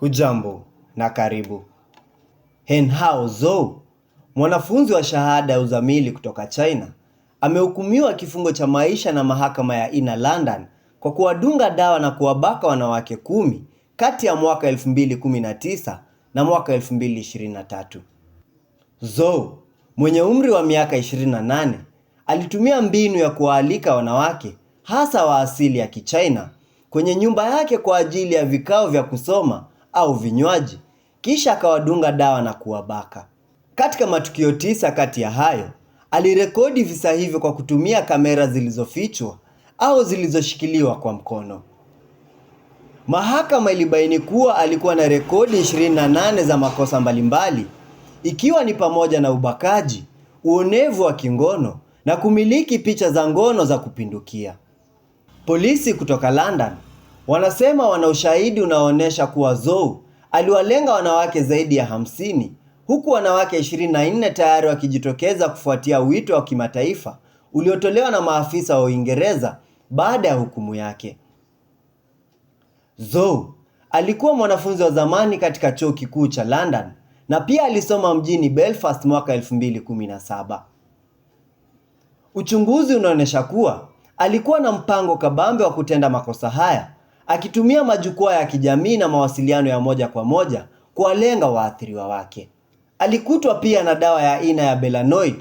Hujambo na karibu. Hao Zou, mwanafunzi wa shahada ya uzamili kutoka China, amehukumiwa kifungo cha maisha na mahakama ya Inner London kwa kuwadunga dawa na kuwabaka wanawake kumi kati ya mwaka 2019 na mwaka 2023. Zou, mwenye umri wa miaka 28, alitumia mbinu ya kuwaalika wanawake hasa wa asili ya Kichina kwenye nyumba yake kwa ajili ya vikao vya kusoma au vinywaji, kisha akawadunga dawa na kuwabaka. Katika matukio tisa kati ya hayo, alirekodi visa hivyo kwa kutumia kamera zilizofichwa au zilizoshikiliwa kwa mkono. Mahakama ilibaini kuwa alikuwa na rekodi 28 za makosa mbalimbali ikiwa ni pamoja na ubakaji, uonevu wa kingono na kumiliki picha za ngono za kupindukia. Polisi kutoka London Wanasema wana ushahidi unaoonyesha kuwa zou aliwalenga wanawake zaidi ya hamsini huku wanawake 24 tayari wakijitokeza kufuatia wito wa kimataifa uliotolewa na maafisa wa Uingereza baada ya hukumu yake. zou alikuwa mwanafunzi wa zamani katika chuo kikuu cha London na pia alisoma mjini Belfast mwaka 2017. Uchunguzi unaonyesha kuwa alikuwa na mpango kabambe wa kutenda makosa haya akitumia majukwaa ya kijamii na mawasiliano ya moja kwa moja kuwalenga waathiriwa wake. Alikutwa pia na dawa ya aina ya Belanoid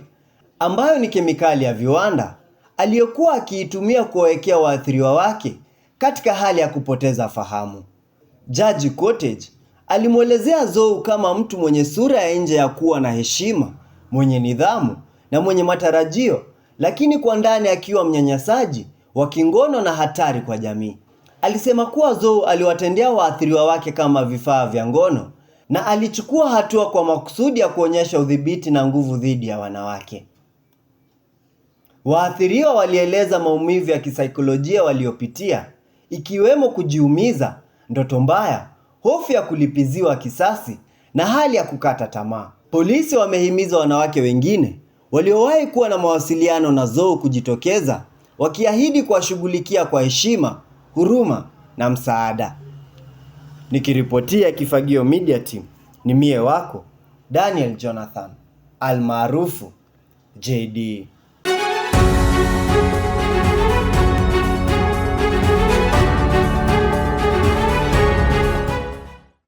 ambayo ni kemikali ya viwanda aliyokuwa akiitumia kuwawekea waathiriwa wake katika hali ya kupoteza fahamu. Jaji Cottage alimwelezea zou kama mtu mwenye sura ya nje ya kuwa na heshima, mwenye nidhamu na mwenye matarajio, lakini kwa ndani akiwa mnyanyasaji wa kingono na hatari kwa jamii. Alisema kuwa Zhou aliwatendea waathiriwa wake kama vifaa vya ngono na alichukua hatua kwa makusudi ya kuonyesha udhibiti na nguvu dhidi ya wanawake. Waathiriwa walieleza maumivu ya kisaikolojia waliopitia, ikiwemo kujiumiza, ndoto mbaya, hofu ya kulipiziwa kisasi na hali ya kukata tamaa. Polisi wamehimiza wanawake wengine waliowahi kuwa na mawasiliano na Zhou kujitokeza, wakiahidi kuwashughulikia kwa heshima huruma na msaada. Nikiripotia Kifagio Media Team, ni mie wako Daniel Jonathan almaarufu JD.